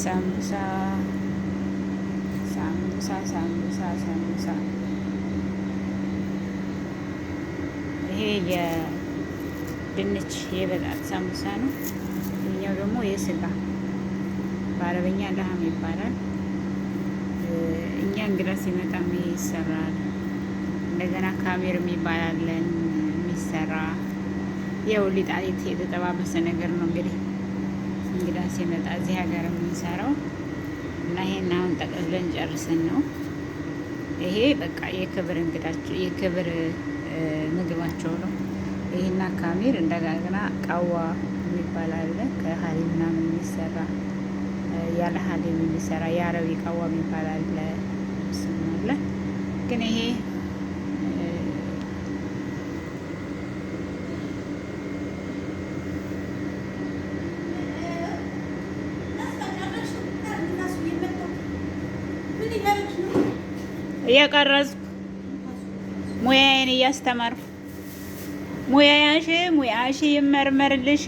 ሳምቡሳ ሳምቡሳ ሳምቡሳ ሳምቡሳ ይሄ የድንች የበጣት ሳምቡሳ ነው። ይሄኛው ደግሞ የስጋ በአረበኛ ላህም ይባላል። እኛ እንግዳ ሲመጣም ይሰራል። እንደገና ካሜር የሚባላለን የሚሰራ ያው ሊጣሊት የተጠባበሰ ነገር ነው እንግዲህ ሲመጣ እዚህ ሀገር የምንሰራው እና ይሄን አሁን ጠቅልለን ጨርሰን ነው። ይሄ በቃ የክብር እንግዳቸው የክብር ምግባቸው ነው። ይህና ካሚር እንደገና ቃዋ የሚባል አለ ከሀሊብ ምናምን የሚሰራ ያለ ሀሊብ የሚሰራ የአረቢ ቃዋ የሚባል አለ ስም አለ ግን ይሄ እየቀረጽኩ ሙያዬን እያስተማርኩ ሙያሽ ሙያሽ ይመርመርልሽ።